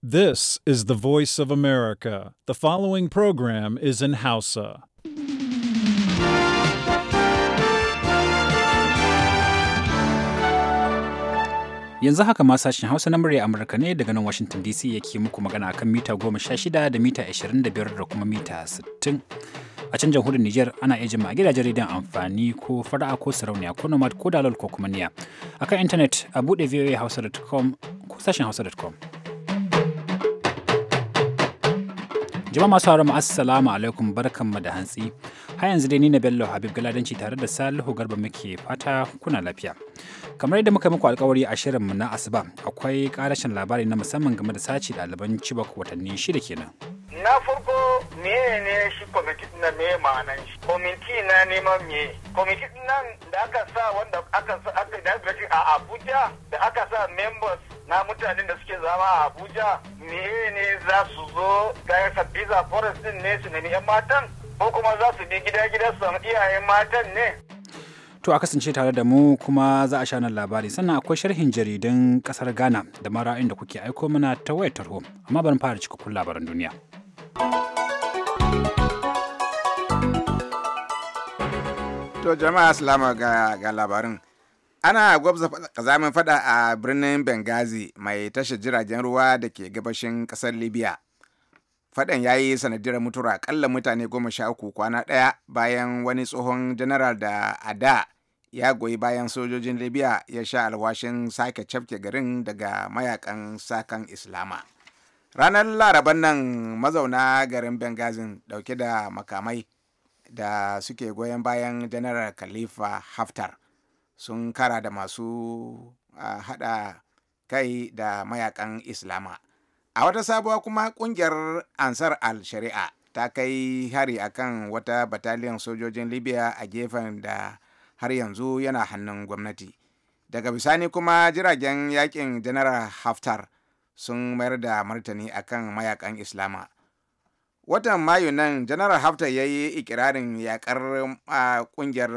This is the voice of America. The following program is in Hausa. Yanzu haka ma sashen Hausa na murya Amurka ne daga nan Washington DC yake muku magana akan mita 16 da mita 25 da kuma mita 60. A can jamhuriyar Nijar ana iya jima a gidajen rediyon amfani ko fara'a ko sarauniya ko nomad ko dalol ko kuma niya. A kan intanet a buɗe voahausa.com ko sashen hausa.com. Jama'a masu haramu assalamu alaikum barkanmu da hantsi. Har yanzu dai ni na Bello Habib Galadanci tare da Salihu Garba muke fata kuna lafiya. Kamar yadda muka muku alkawari a shirinmu na Asuba akwai karashin labari na musamman game da sace ɗaliban Chibok watanni shida kenan. Na farko meye ne shi kwamiti na me ma'anan shi? Kwamiti na neman me? Kwamiti nan da aka sa wanda aka sa aka da a Abuja da aka sa members na mutanen da suke zama a Abuja meye ne za su zo da sabbiza forest din ne su nemi 'yan matan ko kuma za su bi gida-gida su samu iyayen matan ne. To a kasance tare da mu kuma za a shanar labari sannan akwai sharhin jaridan kasar Ghana da mara inda kuke aiko mana ta wayar tarho amma bari fara cikakkun labaran duniya. To jama'a salama ga labarin. ana gwabza kazamin fada a birnin bengazi mai tashar jiragen ruwa da ke gabashin kasar libya fadan ya yi sanadiyar mutura kalla mutane goma sha uku kwana ɗaya bayan wani tsohon janaral da a da ya goyi bayan sojojin libya ya sha alwashin sake cafke garin daga mayakan sakan islama ranar laraban nan mazauna garin bengazin dauke da makamai da suke goyon bayan janaral khalifa haftar sun kara da masu hada kai da mayakan islama a wata sabuwa kuma kungiyar ansar al-shari'a ta kai hari akan wata bataliyan sojojin libya a gefen da har yanzu yana hannun gwamnati daga bisani kuma jiragen yakin janar haftar sun mayar da martani akan mayakan islama watan mayu nan janaral haftar ya yi ikirarin yakar kungiyar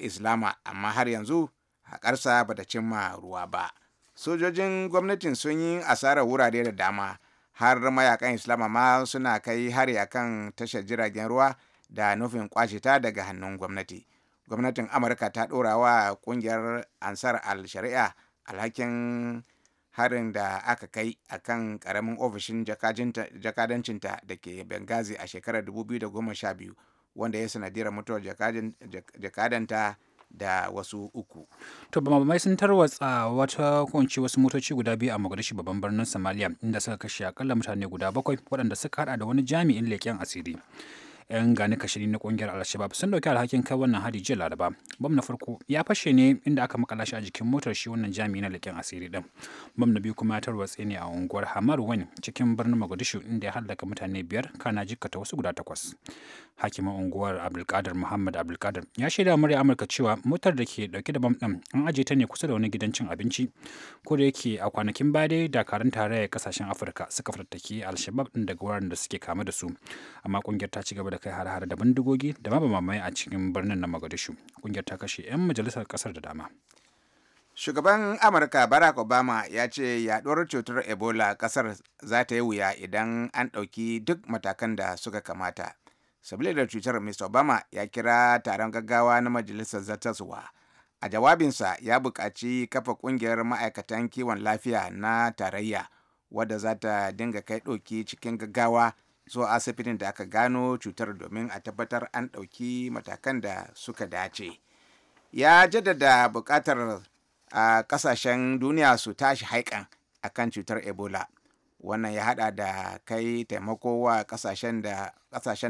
islama amma har yanzu haƙarsa ba ta cimma ruwa ba sojojin gwamnatin sun yi asarar wurare da dama har mayakan islama ma suna kai hari kan tashar jiragen ruwa da nufin kwashe ta daga hannun gwamnati gwamnatin amurka ta ɗora wa ƙungiyar ansar al-shari'a alhakin harin da aka kai a kan karamin ofishin jakadancinta da ke bengazi a shekarar 2012 wanda ya sanadiyar mutuwar jakadanta da wasu uku. To mai sun tarwatsa wata kunci wasu motoci guda biyu a Mogadishu babban birnin Somalia inda suka kashe akalla mutane guda bakwai waɗanda suka hada da wani jami'in leƙen asiri. 'yan gani kashiri na kungiyar al sun dauki alhakin kai wannan hari jiya laraba bam na farko ya fashe ne inda aka makala shi a jikin motar shi wannan jami'i na leƙen asiri din bam na biyu kuma ya tarwatse ne a unguwar hamar wani cikin birnin mogadishu inda ya hallaka mutane biyar kana jikkata wasu guda takwas hakimin unguwar abdulkadir muhammad abdulkadir ya shaida murya amurka cewa motar da ke dauke da bam din an aje ta ne kusa da wani gidan cin abinci ko da yake a kwanakin baya dai dakarun tarayyar kasashen afirka suka fatattaki alshabab din daga wuraren da suke kama da su amma kungiyar ta ci gaba da kai har-har da bindigogi da mabamamai a cikin birnin na mogadishu kungiyar ta kashe 'yan majalisar kasar da dama Shugaban Amurka Barack Obama ya ce yaduwar cutar Ebola kasar za ta yi wuya idan an ɗauki duk matakan da suka kamata. sabili da cutar mr obama ya kira taron gaggawa na majalisar zartaswa a jawabinsa ya buƙaci kafa ƙungiyar ma'aikatan kiwon lafiya na tarayya wadda za ta dinga kai ɗauki cikin gaggawa zuwa asibitin da aka gano cutar domin a tabbatar an ɗauki matakan da suka dace ya jaddada buƙatar a ƙasashen duniya su tashi haikan akan cutar ebola wannan ya hada da kai taimako wa kasashen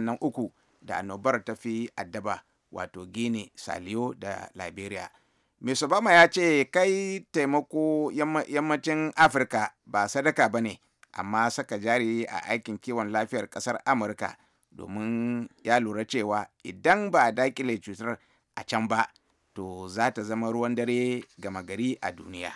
nan uku da annobar ta fi addaba wato gini saliyo da liberia mai Obama ya ce kai taimako yammacin Afirka ba sadaka ba ne, amma saka jari a aikin kiwon lafiyar ƙasar Amurka domin ya lura cewa idan ba a dakile cutar a can ba, to za ta zama ruwan dare gama gari a duniya.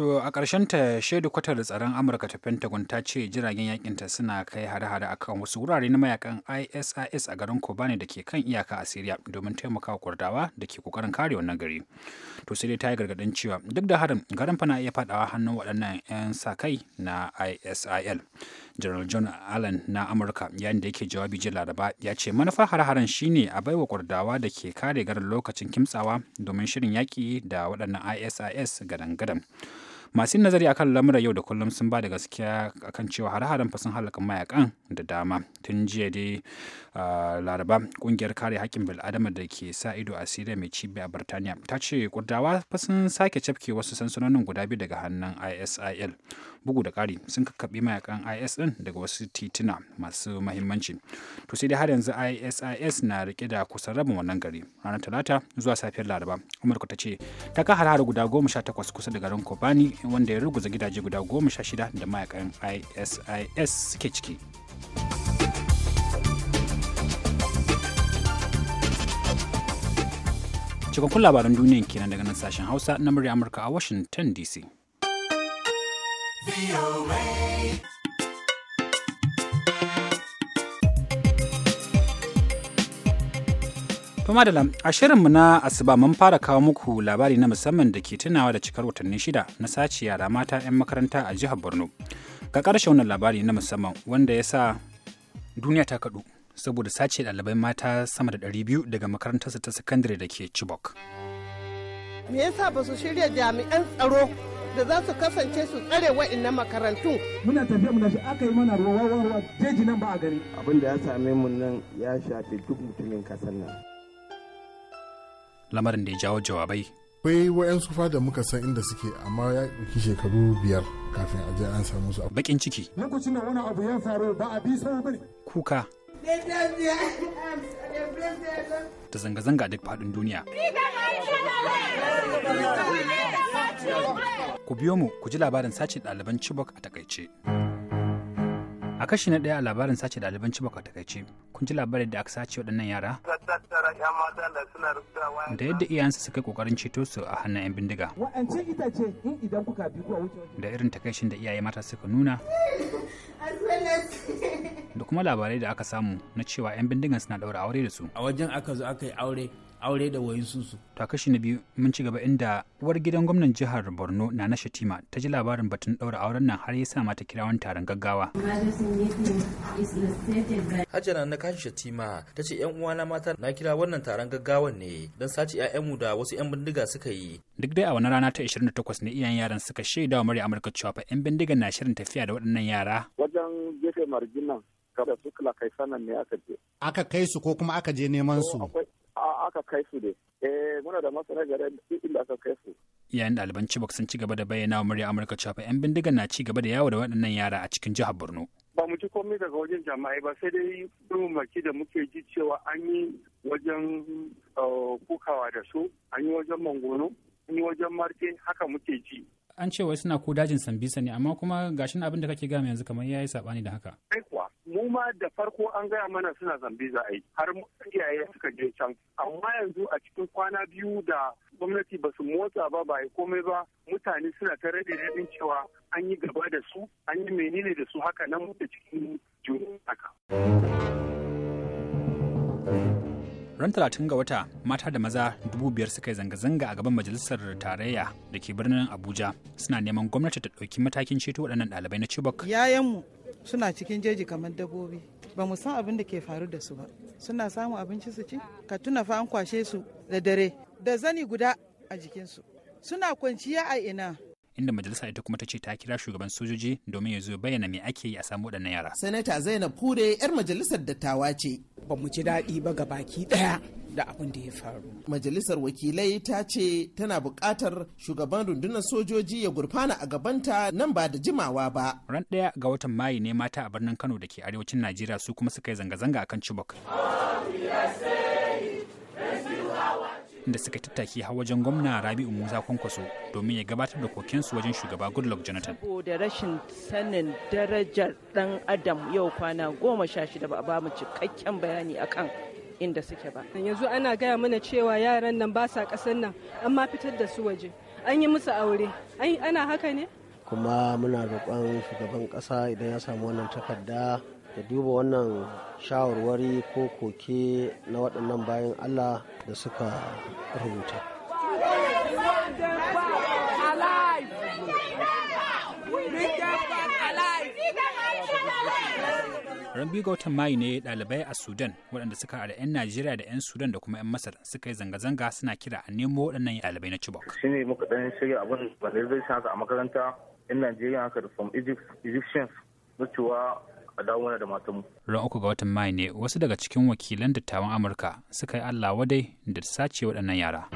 To a ƙarshenta shaidu kwatar tsaron Amurka ta Pentagon ta ce jiragen yakinta suna kai hare-hare kan wasu wurare na mayakan ISIS a garin Kobani da ke kan iyaka a Syria domin taimakawa kwardawa da ke kokarin kare wannan gari. To sai dai ta yi gargaɗin cewa duk da harin garin fana iya faɗawa hannun waɗannan 'yan sa-kai na ISIL. General John Allen na Amurka yayin da yake jawabi jiya Laraba ya ce manufar har-haren shine a baiwa kwardawa da ke kare garin lokacin kimtsawa domin shirin yaƙi da waɗannan ISIS gadan-gadan. masu yin nazari akan lamuran yau da kullum sun ba da gaskiya akan cewa hare-haren fasin halaka mayakan da dama tun jiya dai laraba kungiyar kare hakkin bil'adama da ke sa ido a siriya mai cibiya a birtaniya ta ce kurdawa sun sake cafke wasu sansanonin guda biyu daga hannun isil bugu da ƙari sun kakkaɓe mayakan is ɗin daga wasu tituna masu mahimmanci to sai dai har yanzu isis na rike da kusan rabin wannan gari ranar talata zuwa safiyar laraba amurka ta ce ta ka harhara guda goma sha takwas kusa da garin kobani wanda ya ruguza gidaje guda goma sha shida da mayakan isis suke ciki cikakkun labaran duniyan kenan daga nan sashen hausa na murya amurka a washington dc Tuma da a shirinmu na asuba mun fara kawo muku labari na musamman da ke tunawa da cikar watanni shida na sace yara mata 'yan makaranta a jihar Borno. Ga ƙarshe wannan labari na musamman wanda ya sa duniya ta kaɗu saboda sace ɗalibai mata sama da 200 daga makarantarsa ta sakandare da ke Chibok. Me yasa ba su shirya jami'an tsaro da za su kasance su tsare wa'annan makarantun. Muna tafiya muna shi aka yi mana ruwa ruwa ruwa jeji nan ba a gani. Abin da ya same mu nan ya shafe duk mutumin kasar nan. Lamarin da ya jawo jawabai. Akwai wa'yansu fa da muka san inda suke amma ya ɗauki shekaru biyar kafin a je an samu su. Bakin ciki. Lokacin da wani abu ya faru ba a bi sau bane. Kuka. Da zanga-zanga duk faɗin duniya. Ku biyo mu ku ji labarin sace ɗaliban Chibok a takaice. A kashi na ɗaya a labarin sace ɗaliban Chibok a takaice, kun ji labarin da aka sace waɗannan yara? Da yadda iyayensu suka kokarin ceto su a hannun 'yan bindiga. Da irin takaicin da iyaye mata suka nuna. Da kuma labarai da aka samu na cewa 'yan bindigan suna ɗaura aure da su. A wajen aka zo aka yi aure aure da wayansunsu. Ta kashi na biyu mun ci gaba inda uwar gidan gwamnan jihar Borno na na Shatima ta ji labarin batun ɗaura auren nan har ya sa mata kira wani taron gaggawa. Hajjana na kashi Shatima ta ce ‘yan uwana mata na kira wannan taron gaggawan ne don sace ‘ya'yanmu da wasu ‘yan bindiga suka yi. Duk dai a wani rana ta 28 ne iyayen yaran suka shaida wa murya Amurka cewa fa ‘yan bindigan na shirin tafiya da waɗannan yara. Wajen gefe marginan da su kai sanan ne aka je. Aka kai su ko kuma aka je neman su? Akwai aka kai su ne eh muna da masana gare inda aka kai su yayin ɗaliban Chibok sun ci gaba da bayyana wa murya Amurka cewa 'yan bindigan na ci gaba da yawo da waɗannan yara a cikin jihar Borno. Ba mu ci komai daga wajen jama'ai ba sai dai rumaki da muke ji cewa an yi wajen uh, kukawa da su, an yi wajen mangono, an yi wajen marke haka muke ji. An ce wai suna ko dajin sambisa ne amma kuma gashin abin da kake gama yanzu kamar ya yi saɓani da haka. Kai kuwa mu ma da farko an gaya mana suna zambe za a yi har iyaye suka je can amma yanzu a cikin kwana biyu da gwamnati ba su motsa ba ba komai ba mutane suna ta rade rabin cewa an yi gaba da su an yi menene da su haka nan da cikin juna haka. ran talatin ga wata mata da maza dubu biyar suka yi zanga-zanga a gaban majalisar tarayya da ke birnin abuja suna neman gwamnati ta ɗauki matakin ceto waɗannan ɗalibai na chibok yayanmu suna cikin jeji kamar dabbobi ba mu san abin da ke faru da su ba suna samun abinci su ci ka tuna fa an kwashe su da dare da zani guda a jikinsu suna kwanciya a ina inda majalisa ita kuma ta ce ta kira shugaban sojoji domin ya zo bayyana me ake yi a samu waɗannan yara. Sanata Zainab Hure 'yar majalisar dattawa ce. Ba mu ji daɗi ba ga baki ɗaya da abin da ya faru. Majalisar wakilai ta ce tana buƙatar shugaban rundunar sojoji ya gurfana a gabanta nan ba da jimawa ba. Ran ɗaya ga watan Mayu ne mata a birnin Kano da ke arewacin Najeriya su kuma suka yi zanga-zanga kan Chibok. Oh, inda suka tattaki har wajen gwamna Rabi'u Musa Kwankwaso domin ya gabatar da kokensu wajen shugaba Goodluck Jonathan. Saboda rashin sanin darajar dan Adam yau kwana goma sha shida ba a ba mu cikakken bayani akan inda suke ba. Yanzu ana gaya mana cewa yaran nan ba sa ƙasar nan amma fitar da su waje an yi musu aure ana haka ne? Kuma muna roƙon shugaban ƙasa idan ya samu wannan takarda ka duba wannan shawarwari ko koke na waɗannan bayan allah da suka rubuta ran biyu ga watan mayu ne ɗalibai a sudan waɗanda suka haɗa 'yan najeriya da 'yan sudan da kuma 'yan masar suka yi zanga-zanga suna kira a nemo waɗannan ɗalibai na chibok ne muka ɗan shirya abin da zai haka a makaranta 'yan najeriya haka da from egyptians na a dawo mana da mu. Ran uku ga watan Mai ne wasu daga cikin wakilan dattawan Amurka suka yi Allah wadai da sace waɗannan yara.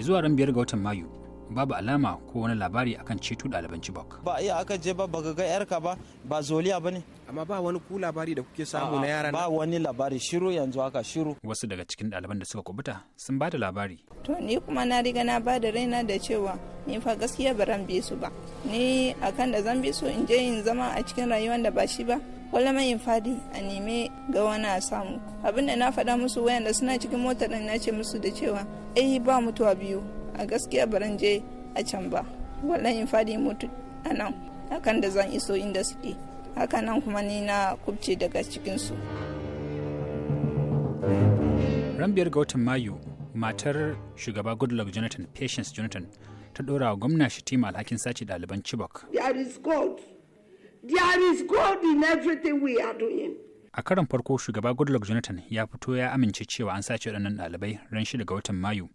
Zuwa ran biyar ga watan Mayu, babu alama ko wani labari akan ceto ɗaliban Chibok. Ba iya aka je ba baka ga yarka ba ba zoliya ba ne. Amma ba wani ku labari da kuke samu na yaran. Ba wani labari shiru yanzu haka shiru. Wasu daga cikin ɗaliban da suka kubuta sun ba da labari. To ni kuma na riga na ba da raina da cewa ni fa gaskiya ba ran bi su ba. Ni akan da zan bi su in je in zama a cikin rayuwar da ba shi ba. wala mai fadi a neme ga wani a samu abinda na faɗa musu wayanda suna cikin motar na ce musu da cewa ai ba mutuwa biyu a gaskiya baran je a can ba wallahi in fadi mutu a nan akan da zan iso inda suke hakan nan kuma ni na kubce daga cikinsu ran biyar ga watan mayu matar shugaba goodluck jonathan patience jonathan ta dora wa gwamna shitima alhakin sace daliban chibok a karan farko shugaba goodluck jonathan ya fito ya amince cewa an sace waɗannan ɗalibai ran shida ga watan mayu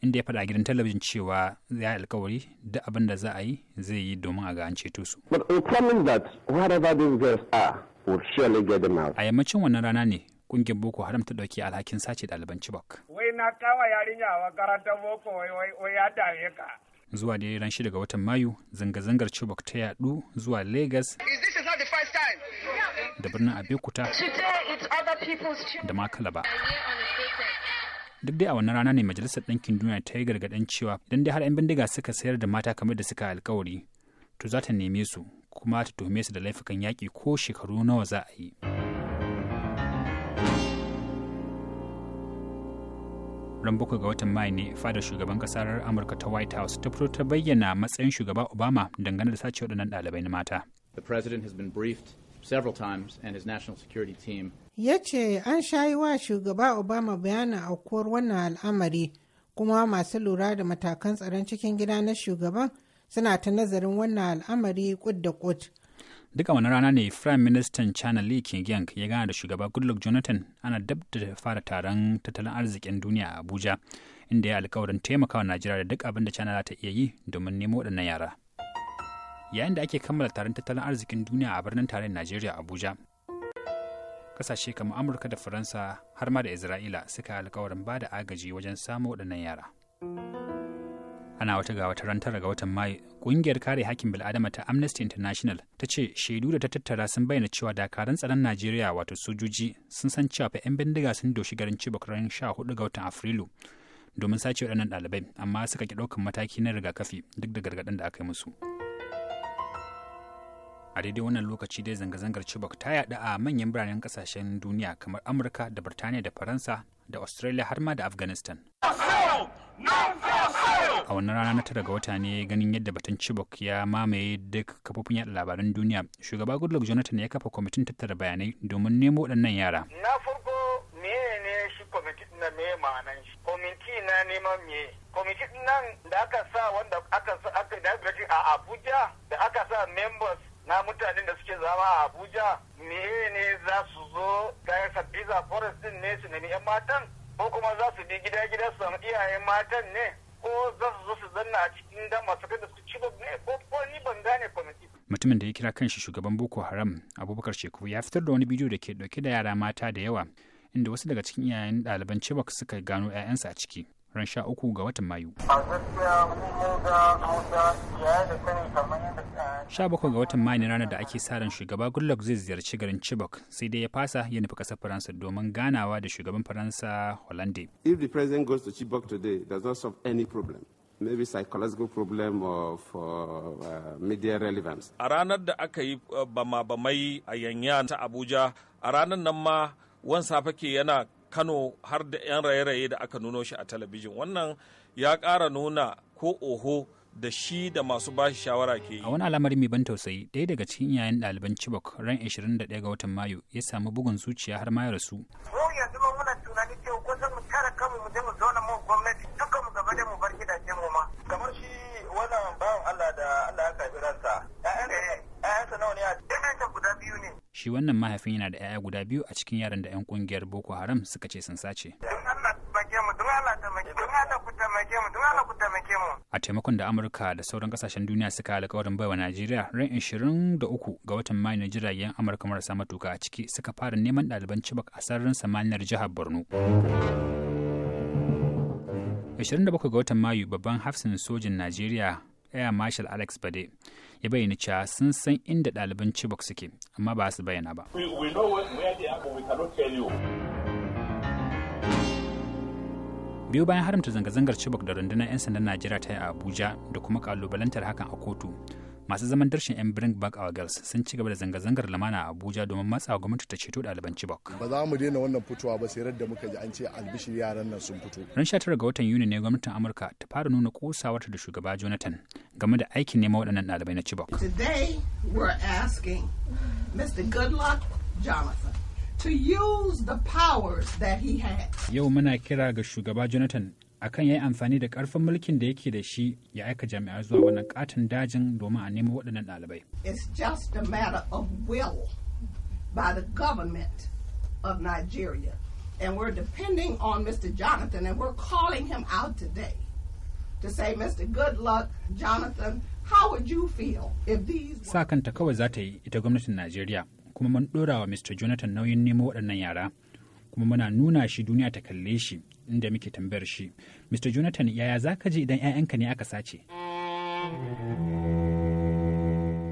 inda ya faɗa a gidan talabijin cewa ya yi alkawari da abin da za a yi zai yi domin a ga an ceto su. A yammacin wannan rana ne kungiyar Boko Haram ta ɗauki alhakin sace ɗaliban Chibok. Wai na kama yarinya a makarantar Boko wai ya dame ka. Zuwa da ran shida daga watan Mayu, zanga-zangar Chibok ta yaɗu zuwa Lagos. Da birnin Abeokuta. Da ma Kalaba. duk dai a wannan rana ne majalisar ɗinkin duniya ta yi gargaɗin cewa idan dai har 'yan bindiga suka sayar da mata kamar da suka alkawari to za ta neme su kuma ta tuhume su da laifukan yaƙi ko shekaru nawa za a yi. ran bakwai ga watan mai ne fadar shugaban kasar amurka ta white house ta fito ta bayyana matsayin shugaba obama dangane da sace waɗannan ɗalibai na mata. the president has been briefed several times and his national security team. Ya ce an shayi wa shugaba Obama bayanin aukuwar wannan al'amari kuma masu lura da matakan tsaron cikin gida na shugaban suna ta nazarin wannan al'amari kud da kud. Duka wani rana ne Prime Minister China Li Qingyang ya gana da shugaba Goodluck Jonathan ana dab da fara taron tattalin arzikin duniya a Abuja inda ya alkawarin taimakawa Najeriya da duk abin da China za ta iya yi domin nemo waɗannan yara. yayin da ake kammala taron tattalin arzikin duniya a birnin tarayyar Najeriya Abuja. Kasashe kamar Amurka da Faransa har ma da Isra'ila suka yi alkawarin ba da agaji wajen samun waɗannan yara. Ana wata ga wata ran tara ga watan Mayu, ƙungiyar kare hakkin bil'adama ta Amnesty International ta ce shaidu da ta tattara sun bayyana cewa dakarun tsaron Najeriya wato sojoji sun san cewa fa 'yan bindiga sun doshi garin Chibok ran 14 ga watan Afrilu domin sace waɗannan ɗalibai amma suka ki ɗaukan mataki na rigakafi duk da gargaɗin da aka yi musu. a daidai wannan lokaci dai zanga-zangar chibok ta yada a manyan biranen kasashen duniya kamar amurka da birtaniya da faransa da australia har ma da afghanistan a wannan rana na tara ga wata ne ganin yadda batun chibok ya mamaye duk kafofin yada labaran duniya shugaba goodluck jonathan ya kafa kwamitin tattara bayanai domin nemo waɗannan yara na farko menene shi kwamitin na shi kwamiti na neman me kwamitin nan da aka sa wanda aka sa aka yi a abuja da aka sa members na mutanen da suke zama a abuja me ne za su zo daga sabbiza forest din ne su nemi yan matan ko kuma za su bi gida gida su samu iyayen matan ne ko za su zo su zanna a cikin masu kai da su ci ne ko ko ni ban gane kwamiti mutumin da ya kira kanshi shugaban boko haram abubakar sheku ya fitar da wani bidiyo da ke dauke da yara mata da yawa inda wasu daga cikin iyayen ɗaliban Chibok suka gano 'ya'yansa a ciki. ran sha uku ga watan mayu sha bakwai ga watan mayu ranar da ake sa ran shugaba goodluck zai ziyarci garin chibok sai dai ya fasa ya nufi kasar faransa domin ganawa da shugaban faransa hollande if the president goes to chibok today does not solve any problem maybe psychological problem of uh, uh media relevance. A ranar da aka yi uh, bama-bamai a Yanyan ta Abuja, a ranar nan ma wan safa ke yana kano har da 'yan raye-raye da aka nuno shi a talabijin wannan ya ƙara nuna ko oho da shi da masu bashi shawara ke yi. A wani alamari mai ban tausayi, ɗaya daga cikin yayan ɗaliban Chibok ran 21 ga watan Mayu ya samu bugun zuciya har ma ya rasu. ko yanzu ba muna tunani cewa ko mu tara kanmu mu je mu zauna mu gwamnati dukkan mu gaba da mu bar gidajen mu ma. Kamar shi wannan bawan Allah da Allah ya karɓi ransa shi wannan mahaifin yana da 'ya'ya guda biyu a cikin yaran da 'yan kungiyar boko haram suka ce sun sace a taimakon da amurka da sauran kasashen duniya suka alkawarin baiwa najeriya ran 23 ga watan mayu na jiragen amurka marasa matuka a ciki suka fara neman ɗaliban cibak a sararin samaniyar jihar borno 27 ga watan mayu babban hafsin sojin najeriya Air Marshal Alex Bade ya bayyana cewa sun san inda ɗaliban Chibok suke amma ba su bayyana ba. biyu bayan haramta zanga-zangar Chibok da rundunar 'yan sandan Najeriya ta yi a Abuja da kuma kalubalantar hakan a kotu. Masu zaman darshin 'yan Bring Back Our Girls sun ci gaba da zanga-zangar lamana a Abuja domin matsa gwamnati ta ceto ɗaliban Chibok. Ba za mu daina wannan fitowa ba sai da muka ji an ce albishir yaran nan sun fito. Ran 19 ga watan Yuni ne gwamnatin Amurka ta fara nuna kusawarta da shugaba Jonathan game da aikin neman waɗannan ɗalibai na Chibok. Today we're asking Mr. Goodluck Jonathan to use the powers that he has. Yau muna kira ga shugaba Jonathan akan ya yi amfani da ƙarfin mulkin da yake da shi ya aika jami'a zuwa wannan katon dajin domin a nemo waɗannan ɗalibai. It's just a matter of will by the government of Nigeria. And we're depending on Mr. Jonathan and we're calling him out today. to say, Mr. Good Luck, Jonathan, how would you feel if these... Sa kanta kawai za ta yi ita gwamnatin Najeriya, kuma mun ɗora wa Mr. Jonathan nauyin nemo waɗannan yara, kuma muna nuna shi duniya ta kalle shi inda muke tambayar shi. Mr. Jonathan, yaya za ka ji idan 'ya'yanka ne aka sace?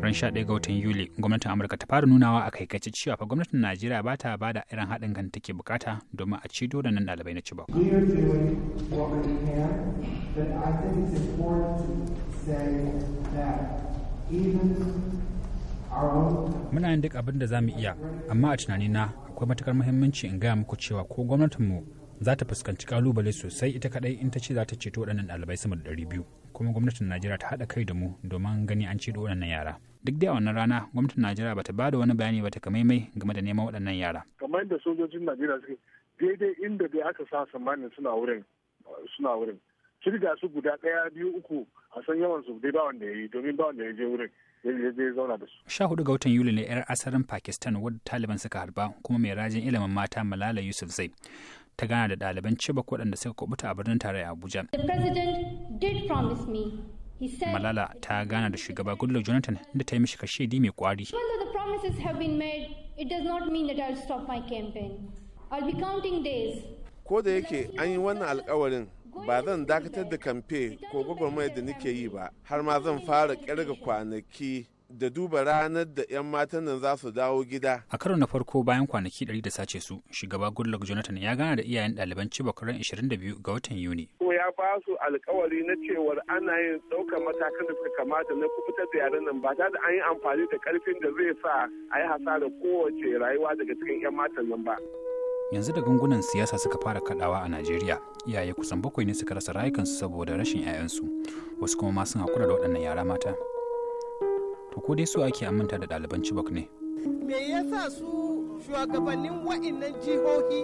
ran 11 ga watan yuli gwamnatin amurka ta fara nunawa a kaikace cewa fa gwamnatin najeriya ba ta ba da irin haɗin kan take bukata domin a cido da nan ɗalibai na chibok muna yin duk abin da za mu iya amma a tunani na akwai matukar muhimmanci in gaya muku cewa ko gwamnatinmu za ta fuskanci kalubale sosai ita kadai in ta ce za ta ceto waɗannan ɗalibai sama da ɗari biyu. kuma gwamnatin najeriya ta haɗa kai da mu domin gani an ceto waɗannan yara duk da wannan rana gwamnatin najeriya bata ba da wani bayani ba ta mai game da neman waɗannan yara kamar yadda sojojin najeriya suke daidai inda dai aka sa samanin suna wurin suna wurin su guda ɗaya biyu uku a san yawan su dai ba wanda ya yi domin ba wanda ya je wurin ya zauna da su. Sha hudu ga watan Yuli ne 'yar asarin Pakistan wadda Taliban suka harba kuma mai rajin ilimin mata Malala Yusuf Zai. ta gana da ɗaliban Chibok waɗanda suka kubuta a birnin tarayya Abuja. Malala ta gana da shugaba Goodluck Jonathan inda ta yi mishi kashedi mai kwari. Ko da yake an yi wannan alkawarin ba zan dakatar da kamfe ko gwagwarmayar da nake yi ba har ma zan fara kirga kwanaki da duba ranar da 'yan matan nan za su dawo gida. A karo na farko bayan kwanaki 100 da sace su, shugaba Goodluck Jonathan ya gana da iyayen ɗaliban Chibok ran 22 ga watan Yuni. Ko ya ba su alkawari na cewar ana yin ɗaukar matakan da suka kamata na kubutar da yaran nan ba ta da an yi amfani da karfin da zai sa a yi hasarar kowace rayuwa daga cikin 'yan matan nan ba. yanzu da gungunan siyasa suka fara kadawa a Najeriya iyaye kusan bakwai ne suka rasa rayukansu saboda rashin 'ya'yansu wasu kuma ma sun hakura da waɗannan yara mata to ko dai su ake aminta da ɗaliban Chibok ne. Me yasa su shugabannin wa'innan jihohi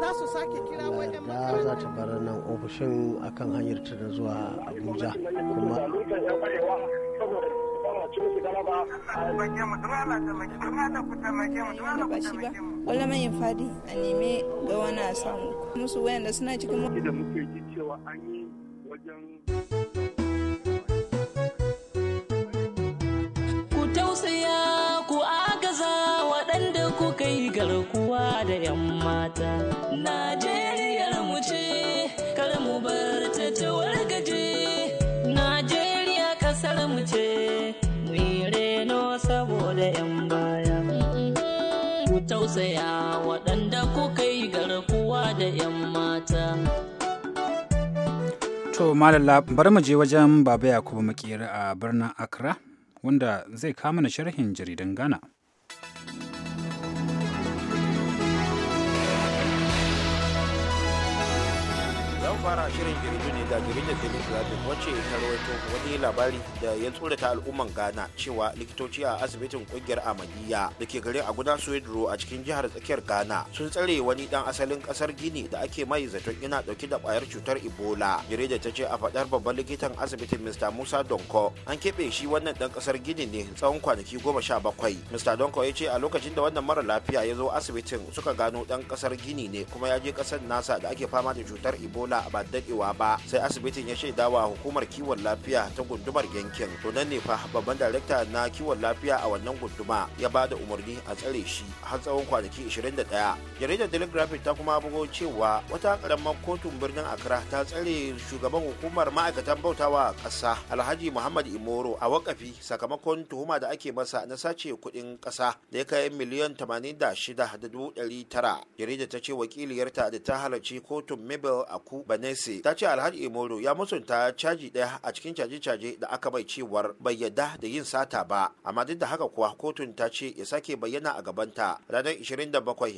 za su sake kira wa'in makaranta? za ta bar nan ofishin akan hanyar ta da zuwa Abuja kuma. ba shi ba wala mai fadi a neme ga wani a samu musu wayanda suna cikin mu da muke ji cewa an yi wajen malala malalla bari mu je wajen Baba Yakubu makiyar a birnin Accra wanda zai kama na sharhin jaridan Ghana. yau fara shirin jaridan da jaridar daily graphic wacce ta rawaito wani labari da ya tsorata al'umman ghana cewa likitoci a asibitin kungiyar amadiya da ke a aguna suwedro a cikin jihar tsakiyar ghana sun tsare wani dan asalin kasar gini da ake mai zaton yana dauke da kwayar cutar ebola jaridar ta ce a fadar babban likitan asibitin mr musa donko an keɓe shi wannan dan kasar gini ne tsawon kwanaki goma sha bakwai mr donko ya ce a lokacin da wannan mara lafiya ya zo asibitin suka gano dan kasar gini ne kuma ya je kasar nasa da ake fama da cutar ebola a ba daɗewa ba sai asibitin ya shaida wa hukumar kiwon lafiya ta gundumar yankin to nan ne fa babban darekta na kiwon lafiya a wannan gunduma ya ba da umarni a tsare shi har tsawon kwanaki 21 jaridar telegraphic ta kuma bugo cewa wata karamar kotun birnin accra ta tsare shugaban hukumar ma'aikatan bautawa a ƙasa alhaji muhammad imoro a wakafi sakamakon tuhuma da ake masa na sace kuɗin ƙasa da ya kai miliyan 86,900 jaridar ta ce wakiliyarta da ta halarci kotun mabel aku banese ta ce alhaji emoro ya musunta caji ɗaya a cikin caje-caje da aka bai cewar bai yadda da yin sata ba amma duk da haka kuwa kotun ta ce ya sake bayyana a gabanta ranar 27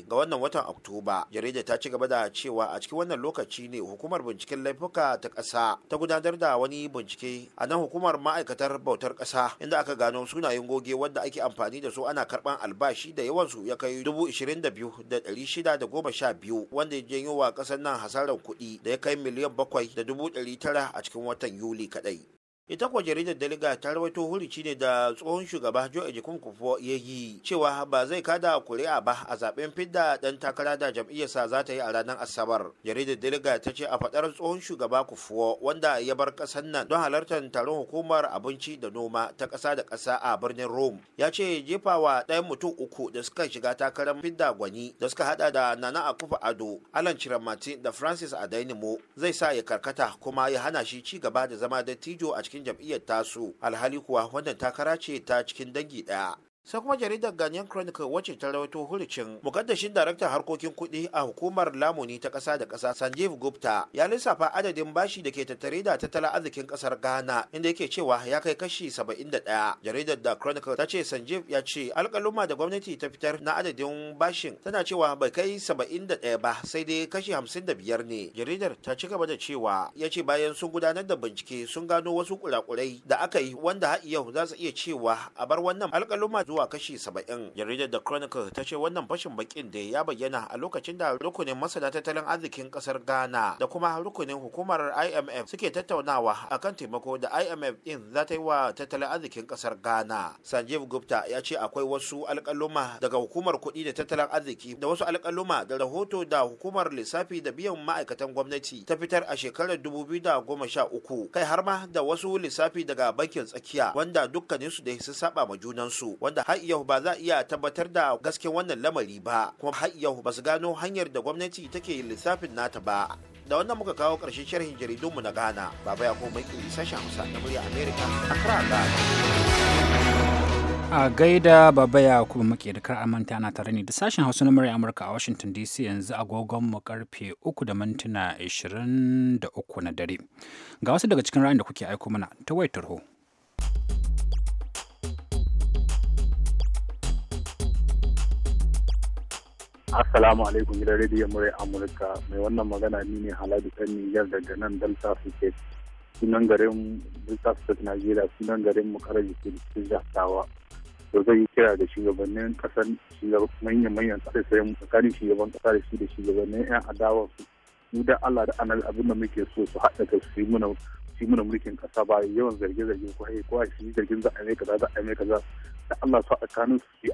ga wannan watan oktoba jarida ta ci gaba da cewa a cikin wannan lokaci ne hukumar binciken laifuka ta ƙasa ta gudanar da wani bincike a nan hukumar ma'aikatar bautar ƙasa inda aka gano sunayen goge wanda ake amfani da su ana karɓan albashi da yawansu ya kai dubu ishirin da biyu da ɗari shida da goma sha biyu wanda ya janyo wa ƙasar nan hasarar kuɗi da ya kai miliyan bakwai da dubu dubu ɗari tara a cikin watan yuli kaɗai ita kuwa jaridar daliga ta rawaito hulici ne da tsohon shugaba joe ejikun kufuwa ya yi cewa ba zai kada kuri'a ba a zaben fidda dan takara da jam'iyyarsa za ta yi a ranar asabar jaridar daliga ta ce a fadar tsohon shugaba kufuwa wanda ya bar kasar nan don halartar taron hukumar abinci da noma ta kasa da kasa a birnin rome ya ce jefawa ɗayan mutum uku da suka shiga takarar fidda gwani da suka hada da nana akufa ado alan ciramati da francis adainimo zai sa ya karkata kuma ya hana shi ci gaba da zama dattijo a cikin cikin jam'iyyar tasu alhali kuwa wannan takara ce ta cikin dangi ɗaya sai kuma jaridar ganyen Chronicle wacce ta rawaito hulicin mukaddashin daraktan harkokin kuɗi a hukumar lamuni ta ƙasa da ƙasa Sanjeev Gupta ya lissafa adadin bashi da ke tattare da tattalin arzikin ƙasar Ghana inda yake cewa ya kai kashi 71 jaridar da Chronicle ta ce Sanjeev ya ce alƙaluma da gwamnati ta fitar na adadin bashin tana cewa bai kai 71 ba sai dai kashi biyar ne jaridar ta ci gaba da cewa ya ce bayan sun gudanar da bincike sun gano wasu kurakurai da aka yi wanda har yau za su iya cewa a bar wannan alƙaluma zuwa kashi saba'in jaridar The chronicle ta ce wannan fashin bakin da ya bayyana a lokacin da rukunin masana tattalin arzikin kasar ghana da kuma rukunin hukumar imf suke tattaunawa akan taimako da imf din za ta yi wa tattalin arzikin kasar ghana sanjeev gupta ya ce akwai wasu alkaluma daga hukumar kuɗi da tattalin arziki da wasu alkaluma da rahoto da hukumar lissafi da biyan ma'aikatan gwamnati ta fitar a shekarar 2013 kai har ma da wasu lissafi daga bankin tsakiya wanda dukkaninsu da su saba ma junansu wanda har yau ba za a iya tabbatar da gaske wannan lamari ba kuma har yau ba su gano hanyar da gwamnati take lissafin nata ba da wannan muka kawo ƙarshen sharhin jaridunmu na ghana baba ya kuma mai sashen hausa na murya america accra ghana a gaida baba ya kuma muke da kar amanta ana tare ne da sashen hausa na murya amurka a washington dc yanzu agogon mu karfe 3 da mintuna 23 na dare ga wasu daga cikin ra'ayin da kuke aiko mana ta wayar ho Assalamu alaikum gidan rediyon murai Amurka mai wannan magana ni ne Haladu ɗan Niger daga nan Delta State sunan garin Delta State Najeriya sunan garin mu Jikin jikin Jasawa to zai yi kira da shugabannin kasar manyan manyan sai mu tsakanin shugaban kasa da shi da shugabannin 'yan adawa su mu da Allah da anal abin da muke so su haɗa ka su yi muna shi muna mulkin kasa ba yawan zarge-zarge ko hai ko shi zargin za a mai kaza za a mai kaza da Allah su a tsakanin su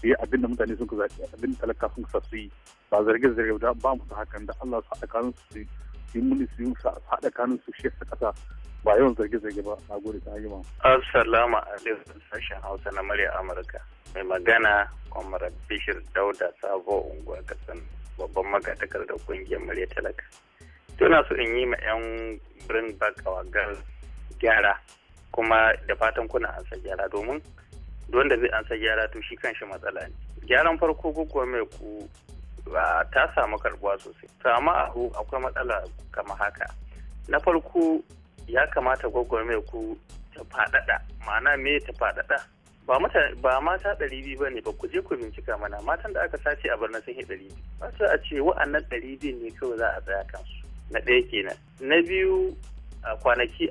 su eh, yi abin da mutane sun ka zaɓi abin da talaka sun su yi ba zarge zarge da ba mu hakan da Allah su haɗa su su yi muni su yi su haɗa kanun su shi ƙasa ba yawan zarge zarge ba na gode ta hajjima. Assalamu alaikum sashen Hausa na murya Amurka. Mai magana Kwamar Bishir Dauda Sabo unguwar Katsina babban magatakar da kungiyar murya talaka. Tuna so in yi ma 'yan bring back our girls gyara kuma da fatan kuna ansa gyara domin wanda zai ansa gyara to shi kan shi matsala ne gyaran farko guguwa mai ku ta samu karbuwa sosai to amma akwai matsala kama haka na farko ya kamata gwagwar mai ku ta faɗaɗa ma'ana me ta faɗaɗa ba mata ba mata ɗari biyu bane ba ku je ku bincika mana matan da aka sace a birnin sun yi ɗari biyu ba a ce wa'annan ɗari biyu ne kawai za a tsaya kansu na ɗaya kenan na biyu a kwanaki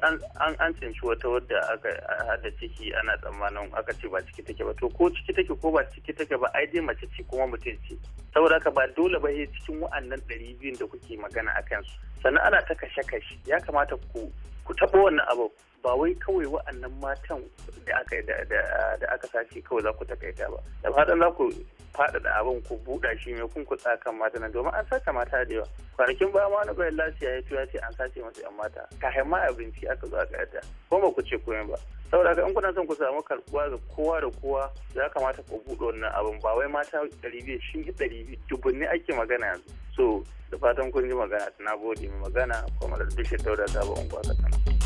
an tsinci wata wadda aka hada ciki ana tsammanin aka ce ba ciki take ba to ko ciki take ko ba ciki take ba ai dai mace ce kuma mutum ce saboda haka ba dole ba cikin wa'annan ɗari biyun da kuke magana a su sannan ana ta kashe kashe ya kamata ku ku taɓa wannan abu ba wai kawai wa'annan matan da aka sace kawai za ku takaita ba da fatan za ku faɗaɗa abin ku buɗa shi mai kun kutsa kan mata nan domin an sace mata da yawa kwanakin ba ma wani bayan lafiya ya tuya ce an sace masa yan mata kafin ma abinci aka zo aka yadda ko ba ku ce komai ba saboda haka in kuna son ku samu karɓuwa ga kowa da kowa ya kamata ku buɗe wannan abin ba wai mata ɗari biyu shi ɗari biyu dubunni ake magana yanzu so da fatan kun ji magana na gode mai magana kuma da bishir dauda sabon unguwa katsina.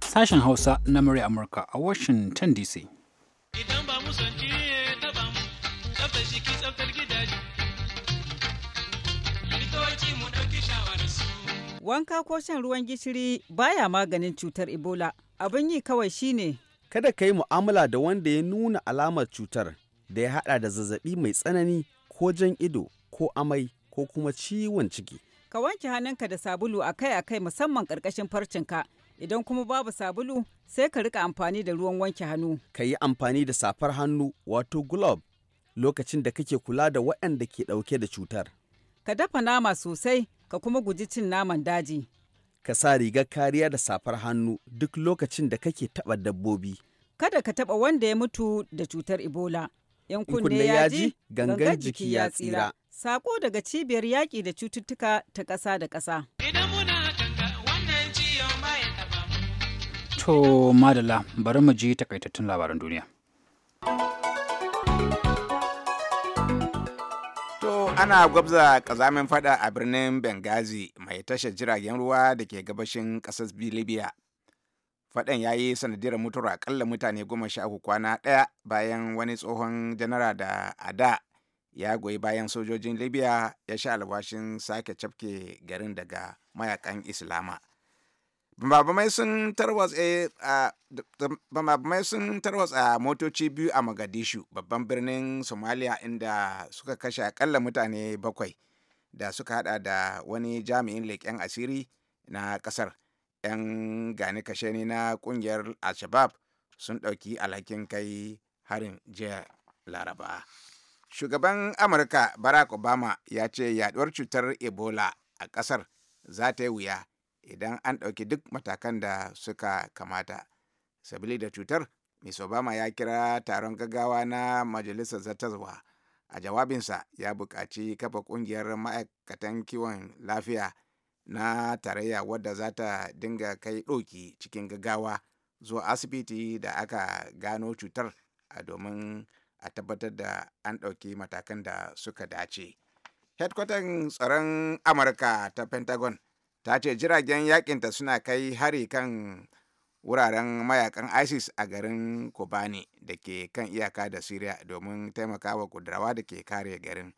sashen hausa na murya amurka a washington dc. idan ba musanci wanka ko shan ruwan gishiri baya maganin cutar ebola abin yi kawai shine kada ka yi mu'amala da wanda ya nuna alamar cutar da ya haɗa da zazzabi mai tsanani ko jan ido ko amai ko kuma ciwon ciki ka wanke hannunka da sabulu akai-akai musamman ƙarƙashin farcinka idan kuma babu sabulu sai ka rika amfani da ruwan wanke hannu. Ka yi amfani da safar hannu wato glove lokacin da kake kula da waɗanda ke ɗauke da cutar. Ka dafa nama sosai ka kuma guji cin naman daji. Ka sa rigar kariya da safar hannu duk lokacin da kake taɓa dabbobi. Kada ka taɓa wanda ya mutu da cutar Ebola. ‘Yan kunne ya ji, gangan jiki ya tsira. Sako daga cibiyar yaƙi da cututtuka ta ƙasa da ƙasa. To, Madala, bari mu je takaitattun labaran duniya. ana gwabza kazamin fada a birnin bengazi mai tashar jiragen ruwa da ke gabashin ƙasar Libya. Fadan ya yi sanadiyar mutuwar akalla mutane goma sha uku kwana ɗaya bayan wani tsohon janara da ada ya goyi bayan sojojin Libya ya sha albashin sake cafke garin daga mayakan Islama. Bambamai sun tarwatse a tarwatsa motoci biyu a Mogadishu babban birnin Somalia inda suka kashe akalla mutane bakwai da suka hada da wani jami'in leƙen asiri na ƙasar 'yan gani kashe ne na ƙungiyar al sun ɗauki alhakin kai harin jiya laraba shugaban amurka barack obama ya ce Yaɗuwar cutar ebola a ƙasar za ta yi wuya idan an ɗauki duk matakan da suka kamata sabili da cutar Miss Obama ya kira taron gaggawa na Majalisar Zartarwa. A jawabinsa ya buƙaci kafa ƙungiyar ma'aikatan kiwon lafiya na tarayya wadda za ta dinga kai ɗoki cikin gaggawa zuwa asibiti da aka gano cutar a domin a tabbatar da an ɗauki matakan da suka dace. Headquarter tsaron Amurka ta Pentagon ta ce jiragen yakinta suna kai hari kan wuraren mayakan isis a garin kobani da ke kan iyaka da syria domin taimakawa kudurawa da ke kare garin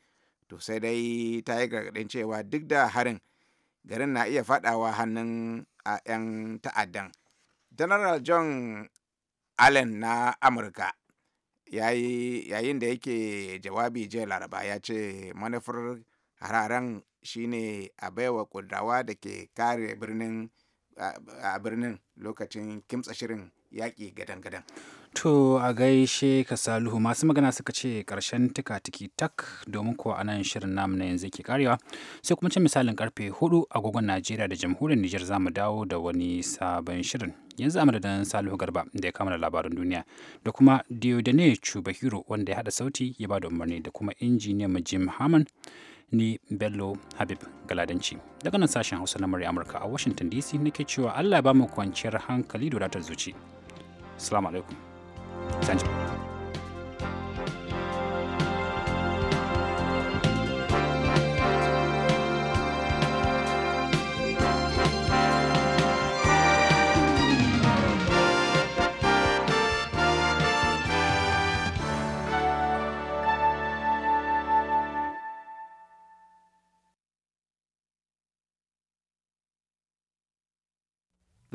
to sai dai ta yi gargaɗin cewa duk da harin garin na iya faɗawa hannun a 'yan ta'addan general john allen na amurka yayin da yake jawabi jiya laraba ya ce manufar hararen shine a baiwa kudawa da ke kare birnin a birnin lokacin kimtsa shirin yaƙi gadan-gadan. To a gaishe ka saluhu masu magana suka ce ƙarshen tuka tiki tak domin kuwa a nan shirin namu yanzu ke karewa sai kuma cin misalin karfe hudu agogon Najeriya da jamhuriyar Nijar za mu dawo da wani sabon shirin. Yanzu a madadin saluhu Garba da ya kama da labarin duniya da kuma Diodane Chubahiro wanda ya haɗa sauti ya ba da umarni da kuma injiniyan Jim Hammond ni bello habib galadanci daga nan sashen hausa na murya amurka a washington dc nake cewa allah ba mu kwanciyar hankali da wadatar zuci assalamu alaikum